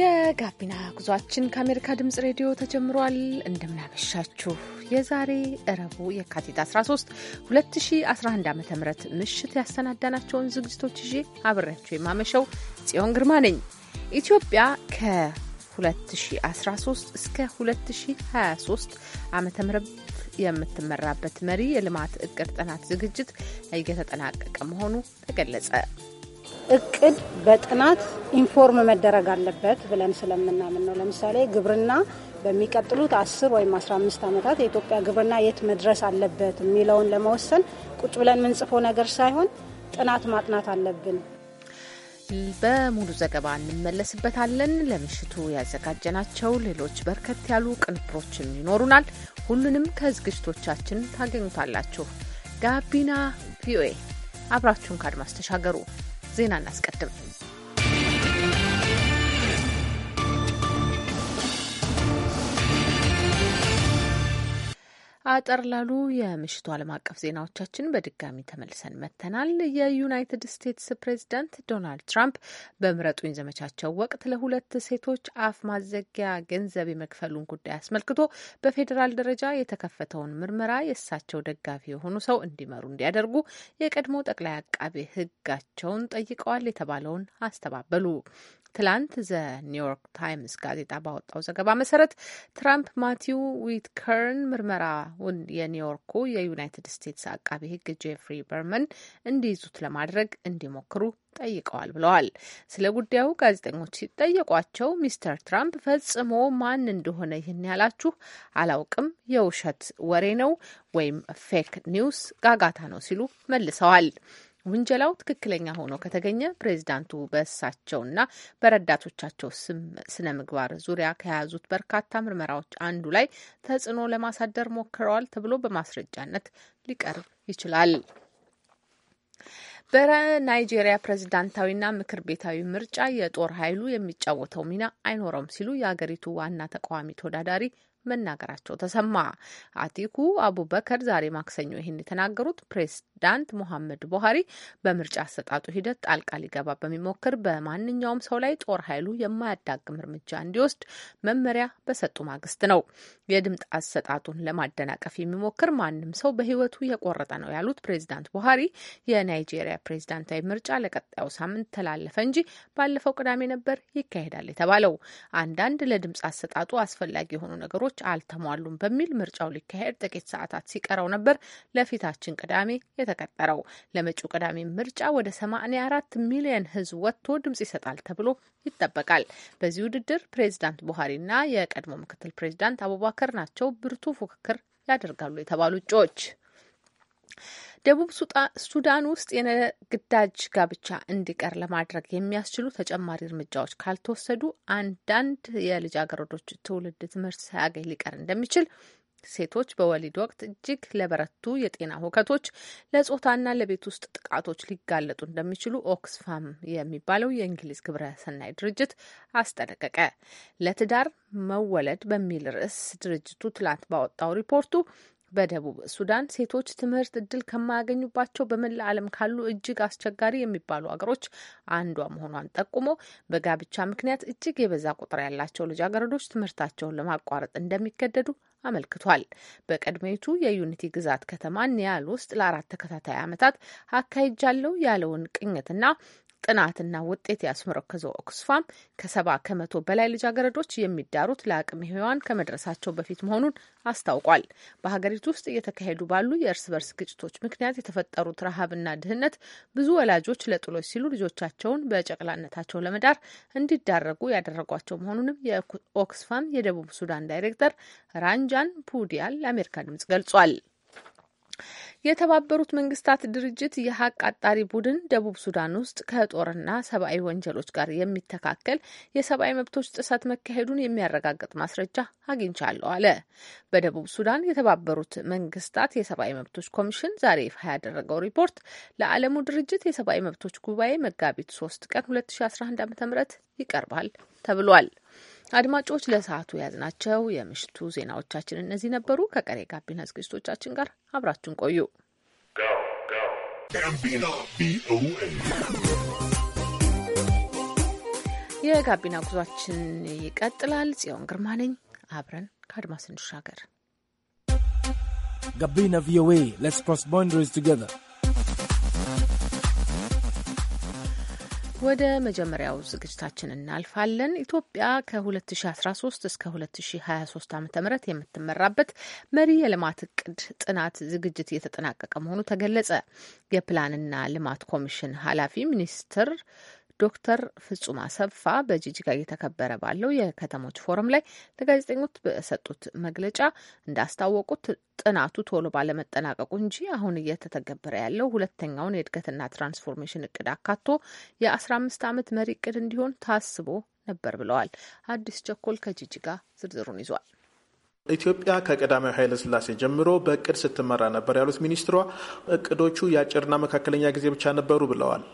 የጋቢና ጉዟችን ከአሜሪካ ድምጽ ሬዲዮ ተጀምሯል። እንደምናመሻችሁ የዛሬ እረቡ የካቲት 13 2011 ዓ ም ምሽት ያሰናዳናቸውን ዝግጅቶች ይዤ አብሬያቸው የማመሸው ጽዮን ግርማ ነኝ። ኢትዮጵያ ከ2013 እስከ 2023 ዓ ም የምትመራበት መሪ የልማት እቅድ ጥናት ዝግጅት እየተጠናቀቀ መሆኑ ተገለጸ። እቅድ በጥናት ኢንፎርም መደረግ አለበት ብለን ስለምናምን ነው። ለምሳሌ ግብርና በሚቀጥሉት አስር ወይም አስራ አምስት ዓመታት የኢትዮጵያ ግብርና የት መድረስ አለበት የሚለውን ለመወሰን ቁጭ ብለን የምንጽፈው ነገር ሳይሆን ጥናት ማጥናት አለብን። በሙሉ ዘገባ እንመለስበታለን። ለምሽቱ ያዘጋጀናቸው ሌሎች በርከት ያሉ ቅንብሮችም ይኖሩናል። ሁሉንም ከዝግጅቶቻችን ታገኙታላችሁ። ጋቢና ቪኦኤ አብራችሁን ከአድማስ ተሻገሩ። ዜና እናስቀድም። አጠር ላሉ የምሽቱ ዓለም አቀፍ ዜናዎቻችን በድጋሚ ተመልሰን መጥተናል። የዩናይትድ ስቴትስ ፕሬዚዳንት ዶናልድ ትራምፕ በምረጡኝ ዘመቻቸው ወቅት ለሁለት ሴቶች አፍ ማዘጊያ ገንዘብ የመክፈሉን ጉዳይ አስመልክቶ በፌዴራል ደረጃ የተከፈተውን ምርመራ የእሳቸው ደጋፊ የሆኑ ሰው እንዲመሩ እንዲያደርጉ የቀድሞ ጠቅላይ አቃቤ ሕጋቸውን ጠይቀዋል የተባለውን አስተባበሉ። ትላንት ዘ ኒውዮርክ ታይምስ ጋዜጣ ባወጣው ዘገባ መሰረት ትራምፕ ማቲው ዊትከርን ምርመራ አሁን የኒውዮርኩ የዩናይትድ ስቴትስ አቃቢ ሕግ ጄፍሪ በርመን እንዲይዙት ለማድረግ እንዲሞክሩ ጠይቀዋል ብለዋል። ስለ ጉዳዩ ጋዜጠኞች ሲጠየቋቸው ሚስተር ትራምፕ ፈጽሞ ማን እንደሆነ ይህን ያላችሁ አላውቅም፣ የውሸት ወሬ ነው ወይም ፌክ ኒውስ ጋጋታ ነው ሲሉ መልሰዋል። ውንጀላው ትክክለኛ ሆኖ ከተገኘ ፕሬዚዳንቱ በእሳቸውና በረዳቶቻቸው ስነ ምግባር ዙሪያ ከያዙት በርካታ ምርመራዎች አንዱ ላይ ተጽዕኖ ለማሳደር ሞክረዋል ተብሎ በማስረጃነት ሊቀርብ ይችላል። በናይጄሪያ ፕሬዝዳንታዊና ምክር ቤታዊ ምርጫ የጦር ኃይሉ የሚጫወተው ሚና አይኖረውም ሲሉ የአገሪቱ ዋና ተቃዋሚ ተወዳዳሪ መናገራቸው ተሰማ። አቲኩ አቡበከር ዛሬ ማክሰኞ ይህን የተናገሩት ፕሬዝዳንት ሞሐመድ ቡሃሪ በምርጫ አሰጣጡ ሂደት ጣልቃ ሊገባ በሚሞክር በማንኛውም ሰው ላይ ጦር ኃይሉ የማያዳግም እርምጃ እንዲወስድ መመሪያ በሰጡ ማግስት ነው። የድምፅ አሰጣጡን ለማደናቀፍ የሚሞክር ማንም ሰው በህይወቱ የቆረጠ ነው ያሉት ፕሬዝዳንት ቡሃሪ የናይጄሪያ ፕሬዚዳንታዊ ምርጫ ለቀጣዩ ሳምንት ተላለፈ እንጂ ባለፈው ቅዳሜ ነበር ይካሄዳል የተባለው። አንዳንድ ለድምፅ አሰጣጡ አስፈላጊ የሆኑ ነገሮች ወንበሮች አልተሟሉም በሚል ምርጫው ሊካሄድ ጥቂት ሰዓታት ሲቀረው ነበር ለፊታችን ቅዳሜ የተቀጠረው። ለመጪው ቅዳሜ ምርጫ ወደ 84 ሚሊዮን ህዝብ ወጥቶ ድምጽ ይሰጣል ተብሎ ይጠበቃል። በዚህ ውድድር ፕሬዚዳንት ቡሃሪና የቀድሞ ምክትል ፕሬዚዳንት አቡባከር ናቸው ብርቱ ፉክክር ያደርጋሉ የተባሉ እጩዎች። ደቡብ ሱዳን ውስጥ የግዳጅ ጋብቻ እንዲቀር ለማድረግ የሚያስችሉ ተጨማሪ እርምጃዎች ካልተወሰዱ አንዳንድ የልጃገረዶች ትውልድ ትምህርት ሳያገኝ ሊቀር እንደሚችል ሴቶች በወሊድ ወቅት እጅግ ለበረቱ የጤና ሁከቶች፣ ለጾታና ለቤት ውስጥ ጥቃቶች ሊጋለጡ እንደሚችሉ ኦክስፋም የሚባለው የእንግሊዝ ግብረ ሰናይ ድርጅት አስጠነቀቀ። ለትዳር መወለድ በሚል ርዕስ ድርጅቱ ትላንት ባወጣው ሪፖርቱ በደቡብ ሱዳን ሴቶች ትምህርት እድል ከማያገኙባቸው በመላ ዓለም ካሉ እጅግ አስቸጋሪ የሚባሉ አገሮች አንዷ መሆኗን ጠቁሞ በጋብቻ ምክንያት እጅግ የበዛ ቁጥር ያላቸው ልጃገረዶች ትምህርታቸውን ለማቋረጥ እንደሚገደዱ አመልክቷል። በቀድሜቱ የዩኒቲ ግዛት ከተማ ኒያል ውስጥ ለአራት ተከታታይ ዓመታት አካሂጃለሁ ያለውን ቅኝትና ጥናትና ውጤት ያስመረከዘው ኦክስፋም ከሰባ ከመቶ በላይ ልጃገረዶች የሚዳሩት ለአቅመ ሔዋን ከመድረሳቸው በፊት መሆኑን አስታውቋል። በሀገሪቱ ውስጥ እየተካሄዱ ባሉ የእርስ በርስ ግጭቶች ምክንያት የተፈጠሩት ረሃብና ድህነት ብዙ ወላጆች ለጥሎች ሲሉ ልጆቻቸውን በጨቅላነታቸው ለመዳር እንዲዳረጉ ያደረጓቸው መሆኑንም የኦክስፋም የደቡብ ሱዳን ዳይሬክተር ራንጃን ፑዲያል ለአሜሪካ ድምጽ ገልጿል። የተባበሩት መንግስታት ድርጅት የሀቅ አጣሪ ቡድን ደቡብ ሱዳን ውስጥ ከጦርና ሰብአዊ ወንጀሎች ጋር የሚተካከል የሰብአዊ መብቶች ጥሰት መካሄዱን የሚያረጋግጥ ማስረጃ አግኝቻለሁ አለ። በደቡብ ሱዳን የተባበሩት መንግስታት የሰብአዊ መብቶች ኮሚሽን ዛሬ ይፋ ያደረገው ሪፖርት ለዓለሙ ድርጅት የሰብአዊ መብቶች ጉባኤ መጋቢት 3 ቀን 2011 ዓ ም ይቀርባል ተብሏል። አድማጮች ለሰዓቱ ናቸው። የምሽቱ ዜናዎቻችን እነዚህ ነበሩ። ከቀሬ ጋቢና ዝግጅቶቻችን ጋር አብራችሁን ቆዩ። የጋቢና ጉዟችን ይቀጥላል። ጽዮን ግርማ ነኝ። አብረን ከአድማስ እንሻገር። ጋቢና ቪኦኤ ሌትስ ክሮስ ባውንደሪስ ቱጌዘር ወደ መጀመሪያው ዝግጅታችን እናልፋለን። ኢትዮጵያ ከ2013 እስከ 2023 ዓ ም የምትመራበት መሪ የልማት እቅድ ጥናት ዝግጅት እየተጠናቀቀ መሆኑ ተገለጸ። የፕላንና ልማት ኮሚሽን ኃላፊ ሚኒስትር ዶክተር ፍጹም አሰፋ በጂጂጋ እየተከበረ ባለው የከተሞች ፎረም ላይ ለጋዜጠኞች በሰጡት መግለጫ እንዳስታወቁት ጥናቱ ቶሎ ባለመጠናቀቁ እንጂ አሁን እየተተገበረ ያለው ሁለተኛውን የእድገትና ትራንስፎርሜሽን እቅድ አካቶ የአስራ አምስት ዓመት መሪ እቅድ እንዲሆን ታስቦ ነበር ብለዋል። አዲስ ቸኮል ከጂጂጋ ዝርዝሩን ይዟል። ኢትዮጵያ ከቀዳማዊ ኃይለ ስላሴ ጀምሮ በእቅድ ስትመራ ነበር ያሉት ሚኒስትሯ እቅዶቹ የአጭርና መካከለኛ ጊዜ ብቻ ነበሩ ብለዋል።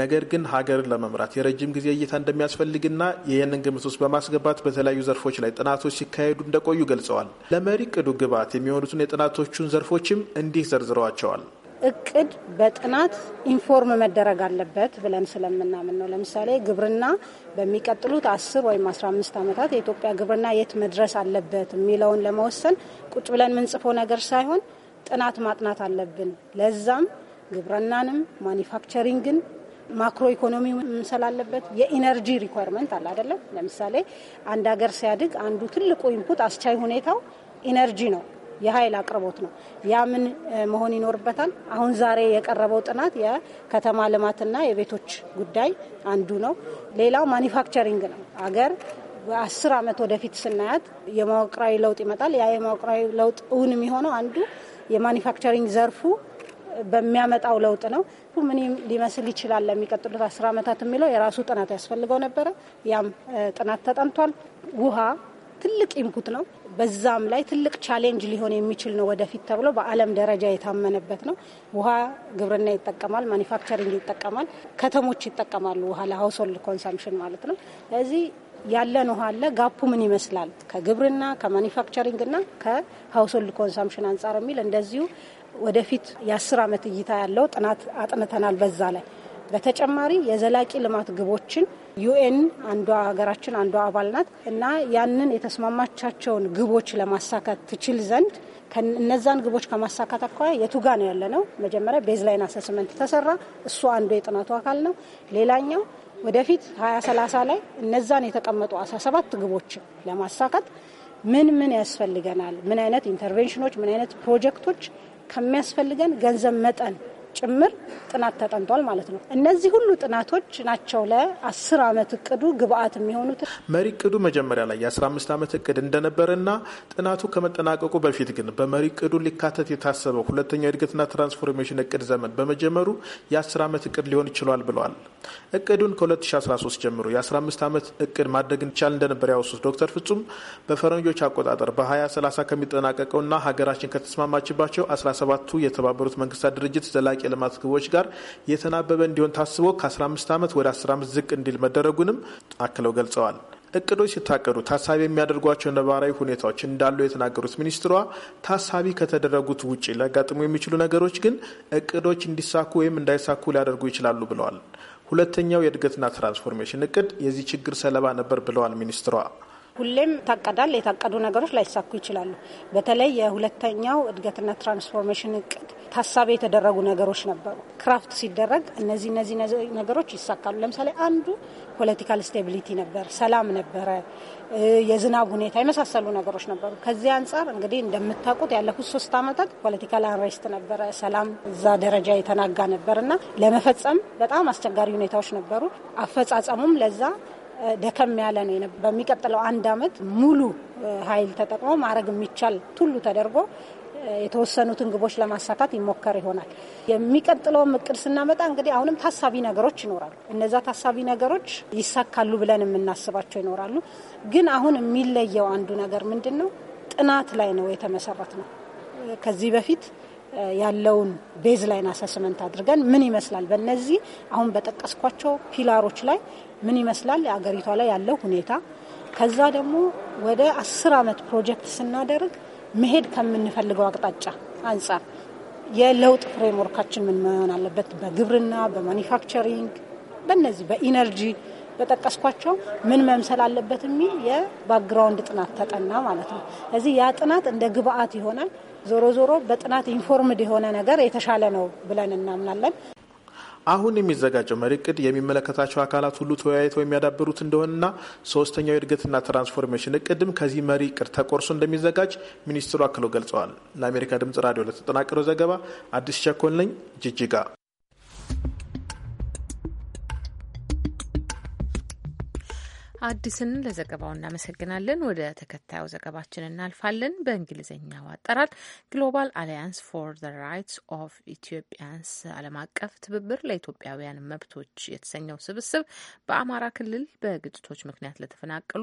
ነገር ግን ሀገርን ለመምራት የረጅም ጊዜ እይታ እንደሚያስፈልግና ይህንን ግምት ውስጥ በማስገባት በተለያዩ ዘርፎች ላይ ጥናቶች ሲካሄዱ እንደቆዩ ገልጸዋል። ለመሪ እቅዱ ግብዓት የሚሆኑትን የጥናቶቹን ዘርፎችም እንዲህ ዘርዝረዋቸዋል። እቅድ በጥናት ኢንፎርም መደረግ አለበት ብለን ስለምናምን ነው። ለምሳሌ ግብርና በሚቀጥሉት አስር ወይም አስራ አምስት ዓመታት የኢትዮጵያ ግብርና የት መድረስ አለበት የሚለውን ለመወሰን ቁጭ ብለን የምንጽፈው ነገር ሳይሆን ጥናት ማጥናት አለብን። ለዛም ግብርናንም ማኒፋክቸሪንግን ማክሮ ኢኮኖሚ ምንሰላለበት አለበት። የኢነርጂ ሪኳርመንት አለ አይደለም። ለምሳሌ አንድ ሀገር ሲያድግ አንዱ ትልቁ ኢንፑት አስቻይ ሁኔታው ኢነርጂ ነው፣ የኃይል አቅርቦት ነው። ያ ምን መሆን ይኖርበታል? አሁን ዛሬ የቀረበው ጥናት የከተማ ልማትና የቤቶች ጉዳይ አንዱ ነው። ሌላው ማኒፋክቸሪንግ ነው። አገር በአስር ዓመት ወደፊት ስናያት የመዋቅራዊ ለውጥ ይመጣል። ያ የመዋቅራዊ ለውጥ እውን የሚሆነው አንዱ የማኒፋክቸሪንግ ዘርፉ በሚያመጣው ለውጥ ነው። ምን ሊመስል ይችላል ለሚቀጥሉት አስር ዓመታት የሚለው የራሱ ጥናት ያስፈልገው ነበረ። ያም ጥናት ተጠንቷል። ውሃ ትልቅ ኢንፑት ነው። በዛም ላይ ትልቅ ቻሌንጅ ሊሆን የሚችል ነው ወደፊት ተብሎ በዓለም ደረጃ የታመነበት ነው። ውሃ ግብርና ይጠቀማል፣ ማኒፋክቸሪንግ ይጠቀማል፣ ከተሞች ይጠቀማሉ ውሃ ለሀውስሆልድ ኮንሰምሽን ማለት ነው። ለዚህ ያለን ውሃ አለ። ጋፑ ምን ይመስላል ከግብርና ከማኒፋክቸሪንግ እና ከሀውስሆልድ ኮንሳምፕሽን አንጻር የሚል እንደዚሁ ወደፊት የአስር ዓመት እይታ ያለው ጥናት አጥንተናል። በዛ ላይ በተጨማሪ የዘላቂ ልማት ግቦችን ዩኤን አንዷ ሀገራችን አንዷ አባል ናት እና ያንን የተስማማቻቸውን ግቦች ለማሳካት ትችል ዘንድ እነዛን ግቦች ከማሳካት አኳያ የቱጋ ነው ያለ ነው። መጀመሪያ ቤዝላይን አሰስመንት ተሰራ። እሱ አንዱ የጥናቱ አካል ነው። ሌላኛው ወደፊት 2030 ላይ እነዛን የተቀመጡ 17 ግቦች ለማሳካት ምን ምን ያስፈልገናል፣ ምን አይነት ኢንተርቬንሽኖች፣ ምን አይነት ፕሮጀክቶች ከሚያስፈልገን ገንዘብ መጠን ጭምር ጥናት ተጠንቷል ማለት ነው። እነዚህ ሁሉ ጥናቶች ናቸው ለአስር ዓመት እቅዱ ግብአት የሚሆኑት። መሪ እቅዱ መጀመሪያ ላይ የ15 ዓመት እቅድ እንደነበረና ጥናቱ ከመጠናቀቁ በፊት ግን በመሪ እቅዱ ሊካተት የታሰበው ሁለተኛው እድገትና ትራንስፎርሜሽን እቅድ ዘመን በመጀመሩ የ10 ዓመት እቅድ ሊሆን ይችሏል ብለዋል። እቅዱን ከ2013 ጀምሮ የ15 ዓመት እቅድ ማድረግ እንቻል እንደነበር ያወሱት ዶክተር ፍጹም በፈረንጆች አቆጣጠር በ2030 ከሚጠናቀቀውና ሀገራችን ከተስማማችባቸው 17ቱ የተባበሩት መንግስታት ድርጅት ዘላቂ ልማት ግቦች ጋር የተናበበ እንዲሆን ታስቦ ከ15 ዓመት ወደ 15 ዝቅ እንዲል መደረጉንም አክለው ገልጸዋል። እቅዶች ሲታቀዱ ታሳቢ የሚያደርጓቸው ነባራዊ ሁኔታዎች እንዳሉ የተናገሩት ሚኒስትሯ ታሳቢ ከተደረጉት ውጭ ሊያጋጥሙ የሚችሉ ነገሮች ግን እቅዶች እንዲሳኩ ወይም እንዳይሳኩ ሊያደርጉ ይችላሉ ብለዋል። ሁለተኛው የእድገትና ትራንስፎርሜሽን እቅድ የዚህ ችግር ሰለባ ነበር ብለዋል ሚኒስትሯ። ሁሌም ይታቀዳል። የታቀዱ ነገሮች ላይሳኩ ይችላሉ። በተለይ የሁለተኛው እድገትና ትራንስፎርሜሽን እቅድ ታሳቢ የተደረጉ ነገሮች ነበሩ። ክራፍት ሲደረግ እነዚህ እነዚህ ነገሮች ይሳካሉ። ለምሳሌ አንዱ ፖለቲካል ስቴቢሊቲ ነበር፣ ሰላም ነበረ፣ የዝናብ ሁኔታ የመሳሰሉ ነገሮች ነበሩ። ከዚህ አንጻር እንግዲህ እንደምታውቁት ያለፉት ሶስት ዓመታት ፖለቲካል አንሬስት ነበረ፣ ሰላም እዛ ደረጃ የተናጋ ነበር እና ለመፈጸም በጣም አስቸጋሪ ሁኔታዎች ነበሩ። አፈጻጸሙም ለዛ ደከም ያለ ነው። በሚቀጥለው አንድ አመት ሙሉ ኃይል ተጠቅሞ ማድረግ የሚቻል ሁሉ ተደርጎ የተወሰኑትን ግቦች ለማሳካት ይሞከር ይሆናል። የሚቀጥለውን እቅድ ስናመጣ እንግዲህ አሁንም ታሳቢ ነገሮች ይኖራሉ። እነዛ ታሳቢ ነገሮች ይሳካሉ ብለን የምናስባቸው ይኖራሉ። ግን አሁን የሚለየው አንዱ ነገር ምንድን ነው? ጥናት ላይ ነው የተመሰረት ነው። ከዚህ በፊት ያለውን ቤዝ ላይን አሰስመንት አድርገን ምን ይመስላል፣ በእነዚህ አሁን በጠቀስኳቸው ፒላሮች ላይ ምን ይመስላል አገሪቷ ላይ ያለው ሁኔታ፣ ከዛ ደግሞ ወደ አስር ዓመት ፕሮጀክት ስናደርግ መሄድ ከምንፈልገው አቅጣጫ አንጻር የለውጥ ፍሬምወርካችን ምን መሆን አለበት፣ በግብርና፣ በማኒፋክቸሪንግ፣ በእነዚህ በኢነርጂ በጠቀስኳቸው ምን መምሰል አለበት የሚል የባክግራውንድ ጥናት ተጠና ማለት ነው። ስለዚህ ያ ጥናት እንደ ግብአት ይሆናል። ዞሮ ዞሮ በጥናት ኢንፎርምድ የሆነ ነገር የተሻለ ነው ብለን እናምናለን። አሁን የሚዘጋጀው መሪ እቅድ የሚመለከታቸው አካላት ሁሉ ተወያይተው የሚያዳብሩት እንደሆነና ሶስተኛው የእድገትና ትራንስፎርሜሽን እቅድም ከዚህ መሪ እቅድ ተቆርሶ እንደሚዘጋጅ ሚኒስትሩ አክለው ገልጸዋል። ለአሜሪካ ድምጽ ራዲዮ ለተጠናቀረው ዘገባ አዲስ ቸኮል ነኝ ጅጅጋ አዲስን ለዘገባው እናመሰግናለን። ወደ ተከታዩ ዘገባችን እናልፋለን። በእንግሊዝኛው አጠራር ግሎባል አሊያንስ ፎር ዘ ራይትስ ኦፍ ኢትዮጵያንስ ዓለም አቀፍ ትብብር ለኢትዮጵያውያን መብቶች የተሰኘው ስብስብ በአማራ ክልል በግጭቶች ምክንያት ለተፈናቀሉ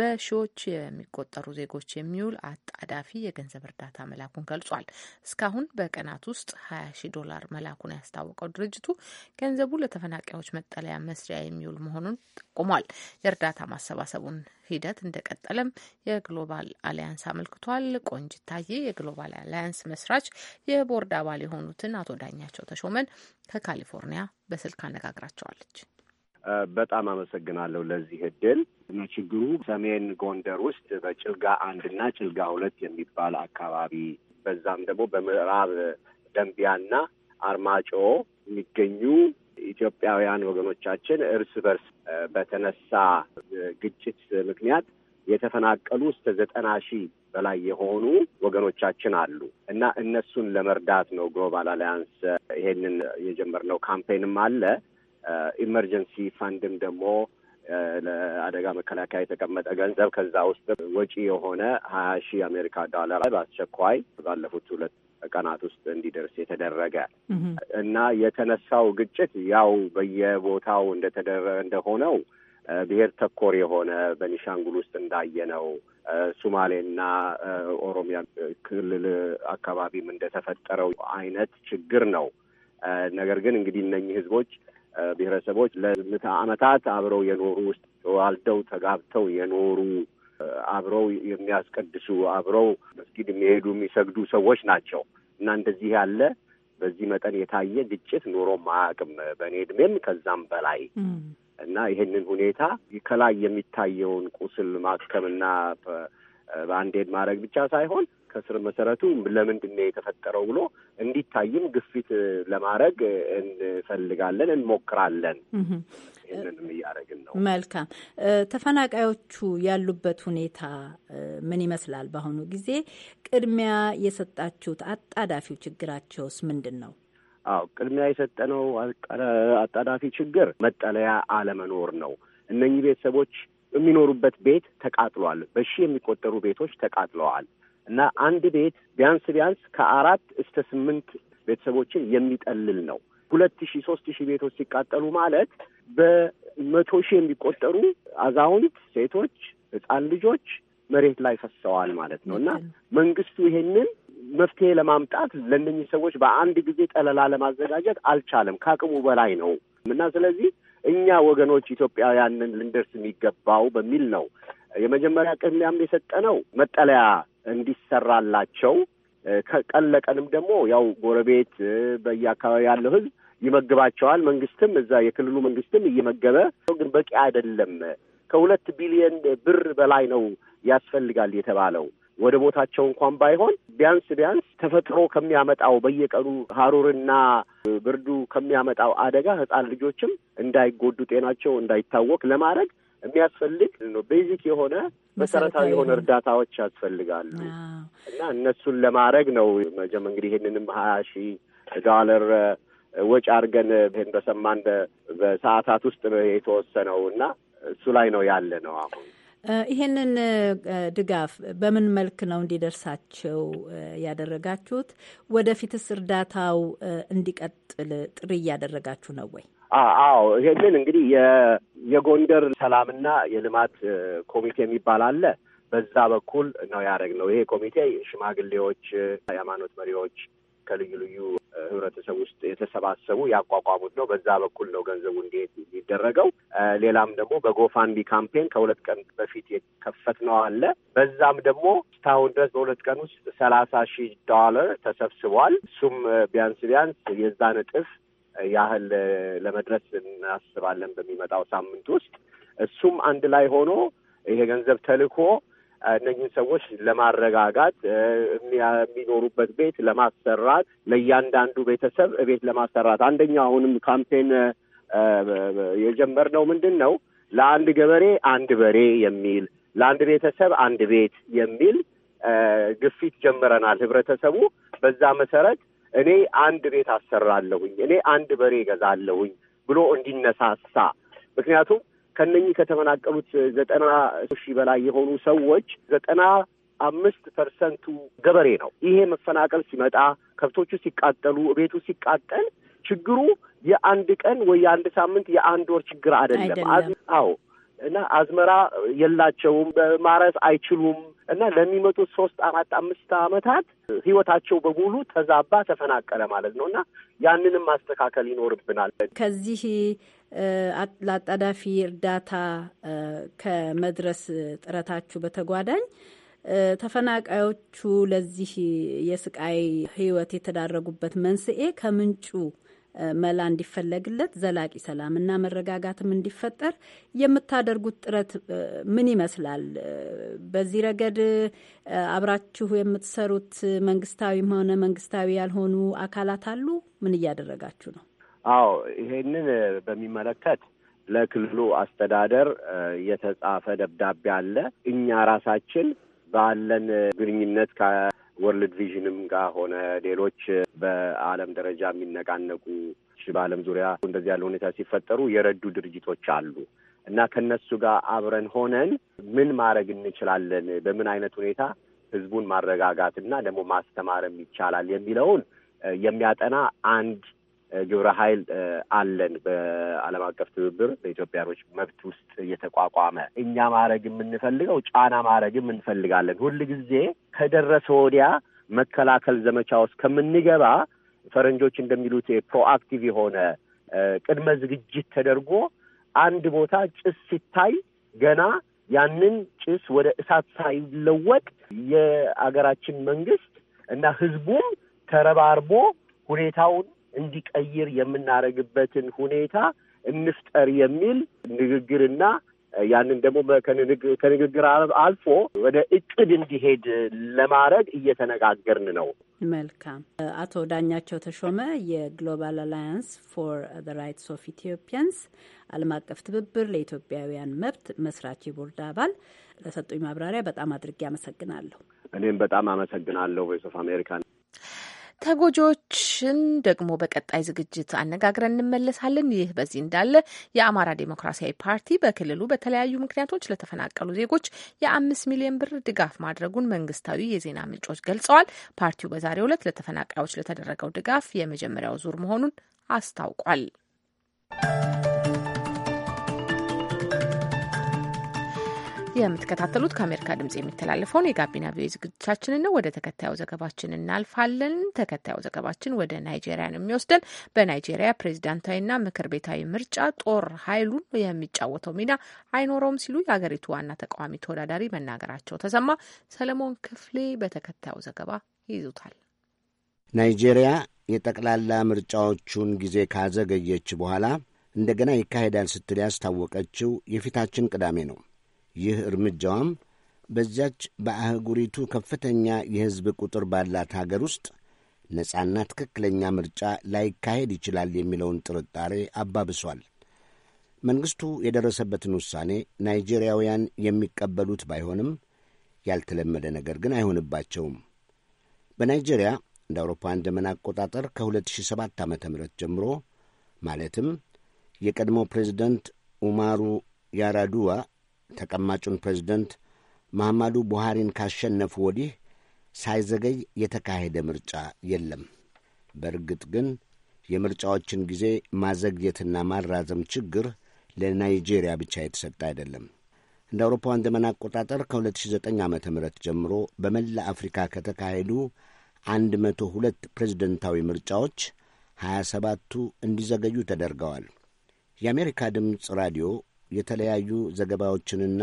በሺዎች የሚቆጠሩ ዜጎች የሚውል አጣዳፊ የገንዘብ እርዳታ መላኩን ገልጿል። እስካሁን በቀናት ውስጥ ሀያ ሺ ዶላር መላኩን ያስታወቀው ድርጅቱ ገንዘቡ ለተፈናቃዮች መጠለያ መስሪያ የሚውል መሆኑን ጠቁሟል። የእርዳታ ማሰባሰቡን ሂደት እንደቀጠለም የግሎባል አሊያንስ አመልክቷል። ቆንጅታዬ የግሎባል አሊያንስ መስራች የቦርድ አባል የሆኑትን አቶ ዳኛቸው ተሾመን ከካሊፎርኒያ በስልክ አነጋግራቸዋለች። በጣም አመሰግናለሁ ለዚህ እድል። ችግሩ ሰሜን ጎንደር ውስጥ በጭልጋ አንድና ጭልጋ ሁለት የሚባል አካባቢ በዛም ደግሞ በምዕራብ ደንቢያና አርማጮ የሚገኙ ኢትዮጵያውያን ወገኖቻችን እርስ በርስ በተነሳ ግጭት ምክንያት የተፈናቀሉ እስከ ዘጠና ሺህ በላይ የሆኑ ወገኖቻችን አሉ እና እነሱን ለመርዳት ነው ግሎባል አሊያንስ ይሄንን የጀመርነው። ካምፔንም አለ ኢመርጀንሲ ፋንድም ደግሞ ለአደጋ መከላከያ የተቀመጠ ገንዘብ ከዛ ውስጥ ወጪ የሆነ ሀያ ሺህ አሜሪካ ዶላር በአስቸኳይ ባለፉት ሁለት ቀናት ውስጥ እንዲደርስ የተደረገ እና የተነሳው ግጭት ያው በየቦታው እንደተደረ እንደሆነው ብሔር ተኮር የሆነ በኒሻንጉል ውስጥ እንዳየነው ሱማሌና ኦሮሚያ ክልል አካባቢም እንደተፈጠረው አይነት ችግር ነው። ነገር ግን እንግዲህ እነኚህ ህዝቦች ብሔረሰቦች ለምት ዓመታት አብረው የኖሩ ውስጥ ተዋልደው ተጋብተው የኖሩ አብረው የሚያስቀድሱ አብረው መስጊድ የሚሄዱ የሚሰግዱ ሰዎች ናቸው እና እንደዚህ ያለ በዚህ መጠን የታየ ግጭት ኑሮ አያውቅም በእኔ እድሜም ከዛም በላይ እና ይህንን ሁኔታ ከላይ የሚታየውን ቁስል ማከምና በአንዴድ ማድረግ ብቻ ሳይሆን ከስር መሰረቱ ለምንድን ነው የተፈጠረው ብሎ እንዲታይም ግፊት ለማድረግ እንፈልጋለን፣ እንሞክራለን። ይህንንም እያደረግን ነው። መልካም ተፈናቃዮቹ ያሉበት ሁኔታ ምን ይመስላል? በአሁኑ ጊዜ ቅድሚያ የሰጣችሁት አጣዳፊው ችግራቸውስ ምንድን ነው? አዎ ቅድሚያ የሰጠነው አጣዳፊ ችግር መጠለያ አለመኖር ነው። እነኚህ ቤተሰቦች የሚኖሩበት ቤት ተቃጥሏል። በሺ የሚቆጠሩ ቤቶች ተቃጥለዋል እና አንድ ቤት ቢያንስ ቢያንስ ከአራት እስከ ስምንት ቤተሰቦችን የሚጠልል ነው። ሁለት ሺህ ሶስት ሺህ ቤቶች ሲቃጠሉ ማለት በመቶ ሺህ የሚቆጠሩ አዛውንት፣ ሴቶች፣ ህፃን ልጆች መሬት ላይ ፈሰዋል ማለት ነው እና መንግስቱ ይሄንን መፍትሄ ለማምጣት ለእነኝህ ሰዎች በአንድ ጊዜ ጠለላ ለማዘጋጀት አልቻለም። ከአቅሙ በላይ ነው እና ስለዚህ እኛ ወገኖች ኢትዮጵያውያንን ልንደርስ የሚገባው በሚል ነው የመጀመሪያ ቅድሚያም የሰጠነው መጠለያ እንዲሰራላቸው ቀን ለቀንም ደግሞ ያው ጎረቤት በየአካባቢ ያለው ህዝብ ይመግባቸዋል። መንግስትም እዛ የክልሉ መንግስትም እየመገበ ግን በቂ አይደለም። ከሁለት ቢሊየን ብር በላይ ነው ያስፈልጋል የተባለው ወደ ቦታቸው እንኳን ባይሆን ቢያንስ ቢያንስ ተፈጥሮ ከሚያመጣው በየቀኑ ሀሩርና ብርዱ ከሚያመጣው አደጋ ህጻን ልጆችም እንዳይጎዱ ጤናቸው እንዳይታወቅ ለማድረግ የሚያስፈልግ ቤዚክ የሆነ መሰረታዊ የሆነ እርዳታዎች ያስፈልጋሉ እና እነሱን ለማድረግ ነው መጀመ እንግዲህ ይህንንም ሀያ ሺህ ዶላር ወጪ አድርገን ይሄን በሰማን በሰዓታት ውስጥ ነው የተወሰነው እና እሱ ላይ ነው ያለ ነው አሁን ይህንን ድጋፍ በምን መልክ ነው እንዲደርሳቸው ያደረጋችሁት? ወደፊትስ እርዳታው እንዲቀጥል ጥሪ እያደረጋችሁ ነው ወይ? አዎ ይሄንን እንግዲህ የጎንደር ሰላምና የልማት ኮሚቴ የሚባል አለ። በዛ በኩል ነው ያደረግነው። ይሄ ኮሚቴ ሽማግሌዎች፣ ሃይማኖት መሪዎች ከልዩ ልዩ ህብረተሰብ ውስጥ የተሰባሰቡ ያቋቋሙት ነው። በዛ በኩል ነው ገንዘቡ እንዴት የሚደረገው። ሌላም ደግሞ በጎፋንዲ ካምፔን ከሁለት ቀን በፊት የከፈት ነው አለ። በዛም ደግሞ እስካሁን ድረስ በሁለት ቀን ውስጥ ሰላሳ ሺህ ዶላር ተሰብስቧል። እሱም ቢያንስ ቢያንስ የዛን እጥፍ ያህል ለመድረስ እናስባለን በሚመጣው ሳምንት ውስጥ። እሱም አንድ ላይ ሆኖ ይሄ ገንዘብ ተልኮ እነኝህን ሰዎች ለማረጋጋት የሚኖሩበት ቤት ለማሰራት ለእያንዳንዱ ቤተሰብ ቤት ለማሰራት አንደኛው አሁንም ካምፔን የጀመርነው ምንድን ነው ለአንድ ገበሬ አንድ በሬ የሚል ለአንድ ቤተሰብ አንድ ቤት የሚል ግፊት ጀምረናል። ህብረተሰቡ በዛ መሰረት እኔ አንድ ቤት አሰራለሁኝ፣ እኔ አንድ በሬ ገዛለሁኝ ብሎ እንዲነሳሳ ምክንያቱም ከነኚህ ከተፈናቀሉት ዘጠና ሺህ በላይ የሆኑ ሰዎች ዘጠና አምስት ፐርሰንቱ ገበሬ ነው። ይሄ መፈናቀል ሲመጣ ከብቶቹ ሲቃጠሉ፣ ቤቱ ሲቃጠል ችግሩ የአንድ ቀን ወይ የአንድ ሳምንት የአንድ ወር ችግር አይደለም። አዎ እና አዝመራ የላቸውም፣ ማረስ አይችሉም። እና ለሚመጡት ሶስት አራት አምስት አመታት ህይወታቸው በሙሉ ተዛባ፣ ተፈናቀለ ማለት ነው። እና ያንንም ማስተካከል ይኖርብናል። ከዚህ ለአጣዳፊ እርዳታ ከመድረስ ጥረታችሁ በተጓዳኝ ተፈናቃዮቹ ለዚህ የስቃይ ህይወት የተዳረጉበት መንስኤ ከምንጩ መላ እንዲፈለግለት ዘላቂ ሰላምና መረጋጋትም እንዲፈጠር የምታደርጉት ጥረት ምን ይመስላል? በዚህ ረገድ አብራችሁ የምትሰሩት መንግስታዊም ሆነ መንግስታዊ ያልሆኑ አካላት አሉ? ምን እያደረጋችሁ ነው? አዎ ይሄንን በሚመለከት ለክልሉ አስተዳደር የተጻፈ ደብዳቤ አለ። እኛ ራሳችን ባለን ግንኙነት ወርልድ ቪዥንም ጋር ሆነ ሌሎች በዓለም ደረጃ የሚነቃነቁ በዓለም ዙሪያ እንደዚህ ያለ ሁኔታ ሲፈጠሩ የረዱ ድርጅቶች አሉ እና ከነሱ ጋር አብረን ሆነን ምን ማድረግ እንችላለን፣ በምን አይነት ሁኔታ ህዝቡን ማረጋጋትና ደግሞ ማስተማርም ይቻላል የሚለውን የሚያጠና አንድ ግብረ ኃይል አለን በዓለም አቀፍ ትብብር በኢትዮጵያኖች መብት ውስጥ እየተቋቋመ እኛ ማድረግ የምንፈልገው ጫና ማድረግም እንፈልጋለን። ሁል ጊዜ ከደረሰ ወዲያ መከላከል ዘመቻ ውስጥ ከምንገባ ፈረንጆች እንደሚሉት ፕሮአክቲቭ የሆነ ቅድመ ዝግጅት ተደርጎ አንድ ቦታ ጭስ ሲታይ ገና ያንን ጭስ ወደ እሳት ሳይለወጥ የአገራችን መንግስት እና ህዝቡም ተረባርቦ ሁኔታውን እንዲቀይር የምናደርግበትን ሁኔታ እንፍጠር የሚል ንግግርና ያንን ደግሞ ከንግግር አልፎ ወደ እቅድ እንዲሄድ ለማድረግ እየተነጋገርን ነው። መልካም። አቶ ዳኛቸው ተሾመ የግሎባል አላያንስ ፎር ዘ ራይትስ ኦፍ ኢትዮጵያንስ ዓለም አቀፍ ትብብር ለኢትዮጵያውያን መብት መስራች የቦርድ አባል ለሰጡኝ ማብራሪያ በጣም አድርጌ አመሰግናለሁ። እኔም በጣም አመሰግናለሁ ቮይስ ኦፍ አሜሪካን ተጎጂዎችን ደግሞ በቀጣይ ዝግጅት አነጋግረን እንመለሳለን። ይህ በዚህ እንዳለ የአማራ ዴሞክራሲያዊ ፓርቲ በክልሉ በተለያዩ ምክንያቶች ለተፈናቀሉ ዜጎች የአምስት ሚሊዮን ብር ድጋፍ ማድረጉን መንግስታዊ የዜና ምንጮች ገልጸዋል። ፓርቲው በዛሬው ዕለት ለተፈናቃዮች ለተደረገው ድጋፍ የመጀመሪያው ዙር መሆኑን አስታውቋል። የምትከታተሉት ከአሜሪካ ድምጽ የሚተላለፈውን የጋቢና ቪኦኤ ዝግጅታችንን ነው። ወደ ተከታዩ ዘገባችን እናልፋለን። ተከታዩ ዘገባችን ወደ ናይጄሪያ ነው የሚወስደን። በናይጄሪያ ፕሬዚዳንታዊና ምክር ቤታዊ ምርጫ ጦር ኃይሉን የሚጫወተው ሚና አይኖረውም ሲሉ የሀገሪቱ ዋና ተቃዋሚ ተወዳዳሪ መናገራቸው ተሰማ። ሰለሞን ክፍሌ በተከታዩ ዘገባ ይይዙታል። ናይጄሪያ የጠቅላላ ምርጫዎቹን ጊዜ ካዘገየች በኋላ እንደገና ይካሄዳል ስትል ያስታወቀችው የፊታችን ቅዳሜ ነው። ይህ እርምጃዋም በዚያች በአህጉሪቱ ከፍተኛ የሕዝብ ቁጥር ባላት ሀገር ውስጥ ነጻና ትክክለኛ ምርጫ ላይካሄድ ይችላል የሚለውን ጥርጣሬ አባብሷል። መንግሥቱ የደረሰበትን ውሳኔ ናይጄሪያውያን የሚቀበሉት ባይሆንም ያልተለመደ ነገር ግን አይሆንባቸውም። በናይጄሪያ እንደ አውሮፓውያን ዘመን አቆጣጠር ከ2007 ዓ ም ጀምሮ ማለትም የቀድሞ ፕሬዚደንት ኡማሩ ያራዱዋ ተቀማጩን ፕሬዝደንት መሐማዱ ቡሃሪን ካሸነፉ ወዲህ ሳይዘገይ የተካሄደ ምርጫ የለም። በእርግጥ ግን የምርጫዎችን ጊዜ ማዘግየትና ማራዘም ችግር ለናይጄሪያ ብቻ የተሰጠ አይደለም። እንደ አውሮፓውያን ዘመን አቆጣጠር ከ2009 ዓ ም ጀምሮ በመላ አፍሪካ ከተካሄዱ 102 ፕሬዝደንታዊ ምርጫዎች 27ቱ እንዲዘገዩ ተደርገዋል። የአሜሪካ ድምፅ ራዲዮ የተለያዩ ዘገባዎችንና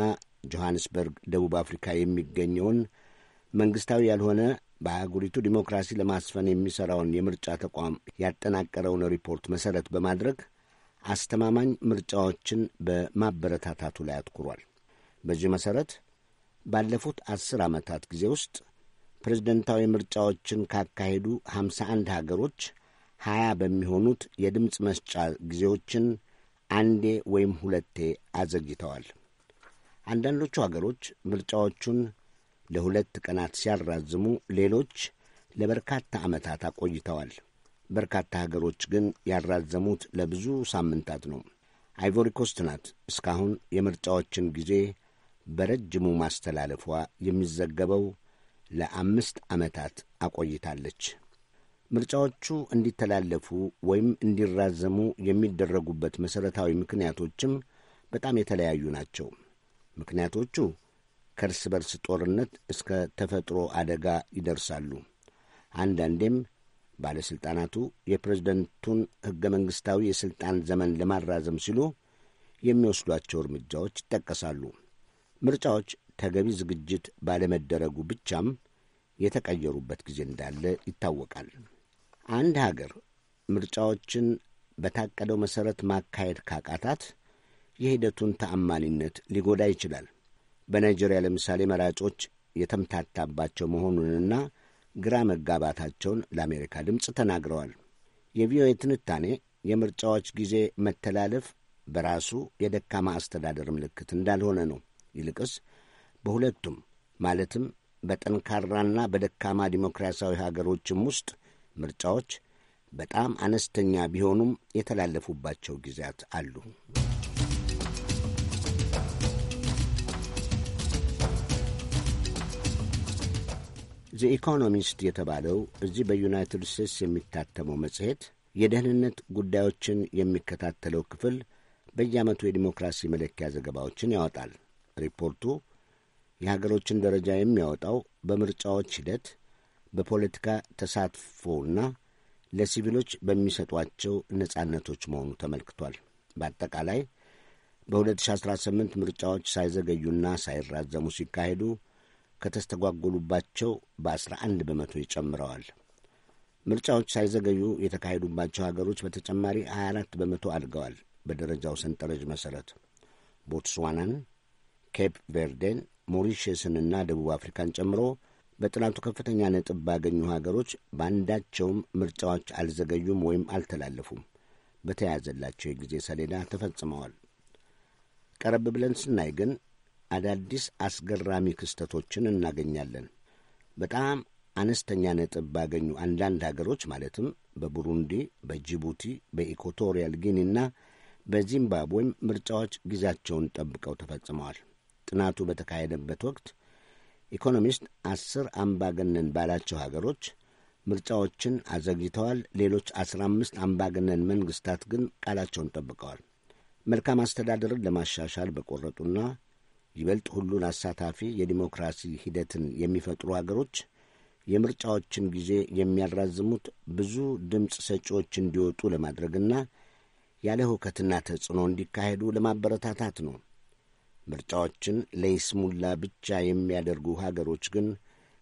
ጆሐንስበርግ ደቡብ አፍሪካ የሚገኘውን መንግሥታዊ ያልሆነ በአህጉሪቱ ዲሞክራሲ ለማስፈን የሚሠራውን የምርጫ ተቋም ያጠናቀረውን ሪፖርት መሠረት በማድረግ አስተማማኝ ምርጫዎችን በማበረታታቱ ላይ አትኩሯል። በዚህ መሠረት ባለፉት አስር ዓመታት ጊዜ ውስጥ ፕሬዝደንታዊ ምርጫዎችን ካካሄዱ አንድ ሀገሮች 20 በሚሆኑት የድምፅ መስጫ ጊዜዎችን አንዴ ወይም ሁለቴ አዘግይተዋል። አንዳንዶቹ አገሮች ምርጫዎቹን ለሁለት ቀናት ሲያራዝሙ፣ ሌሎች ለበርካታ ዓመታት አቆይተዋል። በርካታ ሀገሮች ግን ያራዘሙት ለብዙ ሳምንታት ነው። አይቮሪኮስት ናት እስካሁን የምርጫዎችን ጊዜ በረጅሙ ማስተላለፏ የሚዘገበው ለአምስት ዓመታት አቆይታለች። ምርጫዎቹ እንዲተላለፉ ወይም እንዲራዘሙ የሚደረጉበት መሠረታዊ ምክንያቶችም በጣም የተለያዩ ናቸው። ምክንያቶቹ ከእርስ በርስ ጦርነት እስከ ተፈጥሮ አደጋ ይደርሳሉ። አንዳንዴም ባለሥልጣናቱ የፕሬዝደንቱን ሕገ መንግሥታዊ የሥልጣን ዘመን ለማራዘም ሲሉ የሚወስዷቸው እርምጃዎች ይጠቀሳሉ። ምርጫዎች ተገቢ ዝግጅት ባለመደረጉ ብቻም የተቀየሩበት ጊዜ እንዳለ ይታወቃል። አንድ ሀገር ምርጫዎችን በታቀደው መሠረት ማካሄድ ካቃታት የሂደቱን ተአማኒነት ሊጎዳ ይችላል። በናይጄሪያ ለምሳሌ መራጮች የተምታታባቸው መሆኑንና ግራ መጋባታቸውን ለአሜሪካ ድምፅ ተናግረዋል። የቪኦኤ ትንታኔ የምርጫዎች ጊዜ መተላለፍ በራሱ የደካማ አስተዳደር ምልክት እንዳልሆነ ነው። ይልቅስ በሁለቱም ማለትም በጠንካራና በደካማ ዲሞክራሲያዊ ሀገሮችም ውስጥ ምርጫዎች በጣም አነስተኛ ቢሆኑም የተላለፉባቸው ጊዜያት አሉ። ኢኮኖሚስት የተባለው እዚህ በዩናይትድ ስቴትስ የሚታተመው መጽሔት የደህንነት ጉዳዮችን የሚከታተለው ክፍል በየዓመቱ የዲሞክራሲ መለኪያ ዘገባዎችን ያወጣል። ሪፖርቱ የሀገሮችን ደረጃ የሚያወጣው በምርጫዎች ሂደት በፖለቲካ ተሳትፎና ለሲቪሎች በሚሰጧቸው ነጻነቶች መሆኑ ተመልክቷል። በአጠቃላይ በ2018 ምርጫዎች ሳይዘገዩና ሳይራዘሙ ሲካሄዱ ከተስተጓጎሉባቸው በ11 በመቶ ይጨምረዋል። ምርጫዎች ሳይዘገዩ የተካሄዱባቸው ሀገሮች በተጨማሪ 24 በመቶ አድገዋል። በደረጃው ሰንጠረዥ መሠረት ቦትስዋናን፣ ኬፕ ቬርዴን፣ ሞሪሽስንና ደቡብ አፍሪካን ጨምሮ በጥናቱ ከፍተኛ ነጥብ ባገኙ ሀገሮች በአንዳቸውም ምርጫዎች አልዘገዩም ወይም አልተላለፉም፣ በተያያዘላቸው የጊዜ ሰሌዳ ተፈጽመዋል። ቀረብ ብለን ስናይ ግን አዳዲስ አስገራሚ ክስተቶችን እናገኛለን። በጣም አነስተኛ ነጥብ ባገኙ አንዳንድ ሀገሮች ማለትም በቡሩንዲ፣ በጅቡቲ፣ በኢኳቶሪያል ጊኒና በዚምባብዌም ምርጫዎች ጊዜያቸውን ጠብቀው ተፈጽመዋል። ጥናቱ በተካሄደበት ወቅት ኢኮኖሚስት አስር አምባገነን ባላቸው ሀገሮች ምርጫዎችን አዘግይተዋል። ሌሎች አስራ አምስት አምባገነን መንግስታት ግን ቃላቸውን ጠብቀዋል። መልካም አስተዳደርን ለማሻሻል በቆረጡና ይበልጥ ሁሉን አሳታፊ የዲሞክራሲ ሂደትን የሚፈጥሩ አገሮች የምርጫዎችን ጊዜ የሚያራዝሙት ብዙ ድምፅ ሰጪዎች እንዲወጡ ለማድረግና ያለ ሁከትና ተጽዕኖ እንዲካሄዱ ለማበረታታት ነው። ምርጫዎችን ለይስሙላ ብቻ የሚያደርጉ ሀገሮች ግን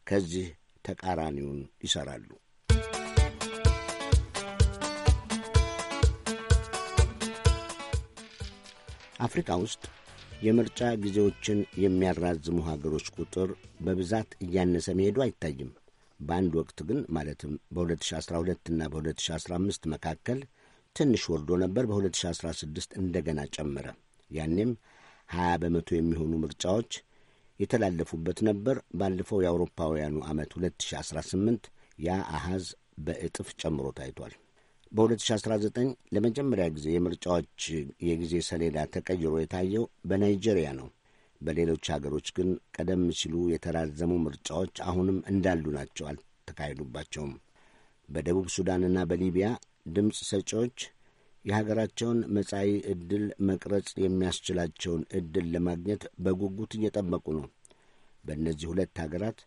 ከዚህ ተቃራኒውን ይሠራሉ። አፍሪካ ውስጥ የምርጫ ጊዜዎችን የሚያራዝሙ ሀገሮች ቁጥር በብዛት እያነሰ መሄዱ አይታይም። በአንድ ወቅት ግን ማለትም በ2012 እና በ2015 መካከል ትንሽ ወርዶ ነበር። በ2016 እንደገና ጨመረ። ያኔም 20 በመቶ የሚሆኑ ምርጫዎች የተላለፉበት ነበር። ባለፈው የአውሮፓውያኑ ዓመት 2018 ያ አሃዝ በእጥፍ ጨምሮ ታይቷል። በ2019 ለመጀመሪያ ጊዜ የምርጫዎች የጊዜ ሰሌዳ ተቀይሮ የታየው በናይጄሪያ ነው። በሌሎች ሀገሮች ግን ቀደም ሲሉ የተራዘሙ ምርጫዎች አሁንም እንዳሉ ናቸው፣ አልተካሄዱባቸውም። በደቡብ ሱዳንና በሊቢያ ድምፅ ሰጪዎች የሀገራቸውን መጻኢ ዕድል መቅረጽ የሚያስችላቸውን ዕድል ለማግኘት በጉጉት እየጠበቁ ነው። በእነዚህ ሁለት ሀገራት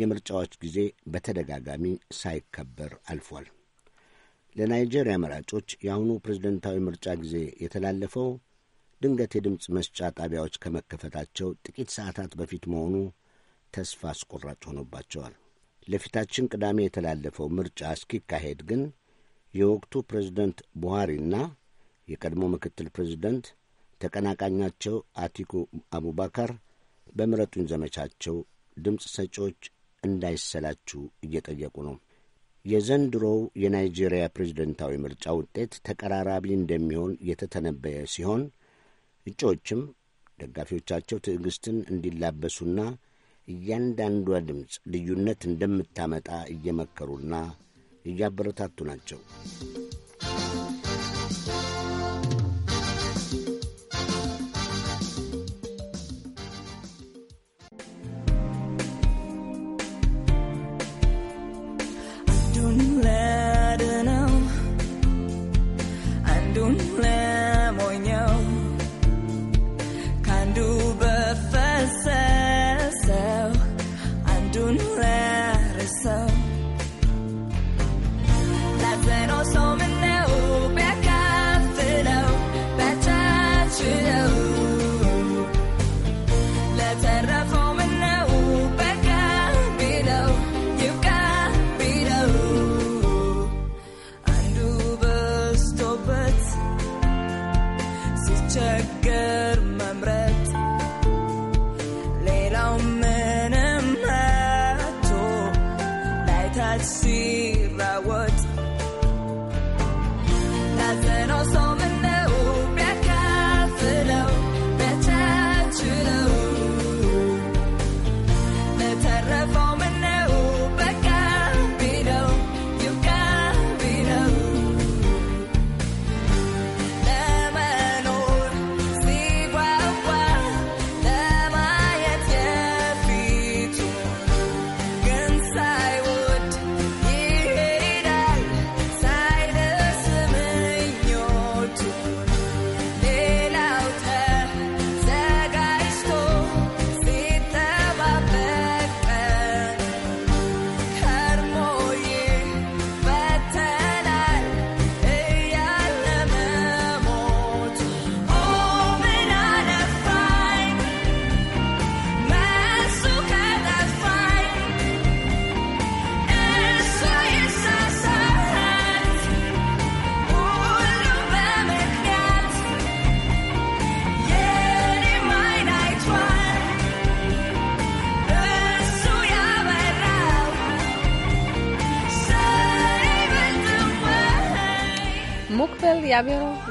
የምርጫዎች ጊዜ በተደጋጋሚ ሳይከበር አልፏል። ለናይጄሪያ መራጮች የአሁኑ ፕሬዝደንታዊ ምርጫ ጊዜ የተላለፈው ድንገት የድምፅ መስጫ ጣቢያዎች ከመከፈታቸው ጥቂት ሰዓታት በፊት መሆኑ ተስፋ አስቆራጭ ሆኖባቸዋል። ለፊታችን ቅዳሜ የተላለፈው ምርጫ እስኪካሄድ ግን የወቅቱ ፕሬዝደንት ቡሃሪና የቀድሞ ምክትል ፕሬዝደንት ተቀናቃኛቸው አቲኩ አቡባካር በምረጡኝ ዘመቻቸው ድምፅ ሰጪዎች እንዳይሰላችሁ እየጠየቁ ነው። የዘንድሮው የናይጄሪያ ፕሬዝደንታዊ ምርጫ ውጤት ተቀራራቢ እንደሚሆን የተተነበየ ሲሆን እጩዎችም ደጋፊዎቻቸው ትዕግስትን እንዲላበሱና እያንዳንዷ ድምፅ ልዩነት እንደምታመጣ እየመከሩና እያበረታቱ ናቸው።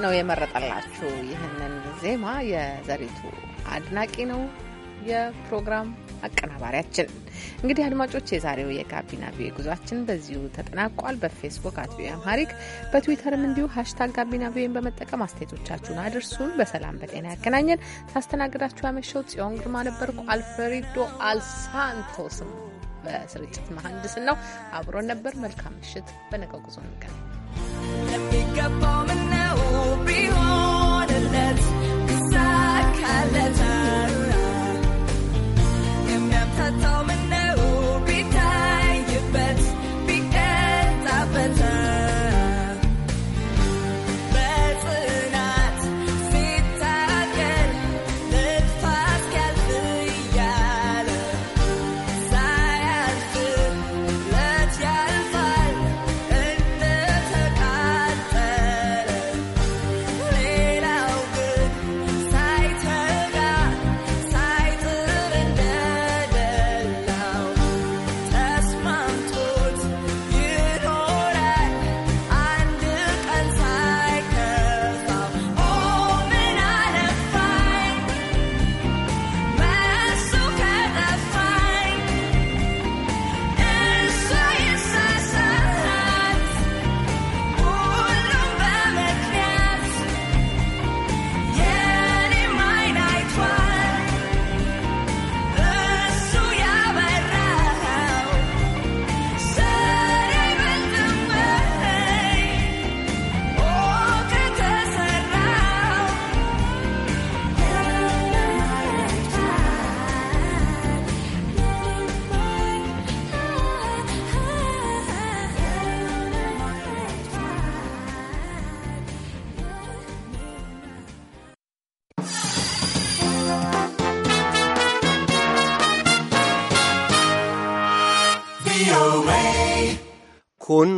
ነው የመረጠላችሁ ይህንን ዜማ። የዘሪቱ አድናቂ ነው የፕሮግራም አቀናባሪያችን። እንግዲህ አድማጮች የዛሬው የጋቢና ቪ ጉዟችን በዚሁ ተጠናቋል። በፌስቡክ አት ቪኦኤ አምሃሪክ በትዊተርም እንዲሁ ሀሽታግ ጋቢና ቪን በመጠቀም አስተያየቶቻችሁን አድርሱን። በሰላም በጤና ያገናኘን። ሳስተናግዳችሁ ያመሸው ጽዮን ግርማ ነበርኩ። አልፍሬዶ አልሳንቶስም በስርጭት መሀንዲስ ነው አብሮን ነበር። መልካም ምሽት። በነገው ጉዞ እንገናኝ። That's all und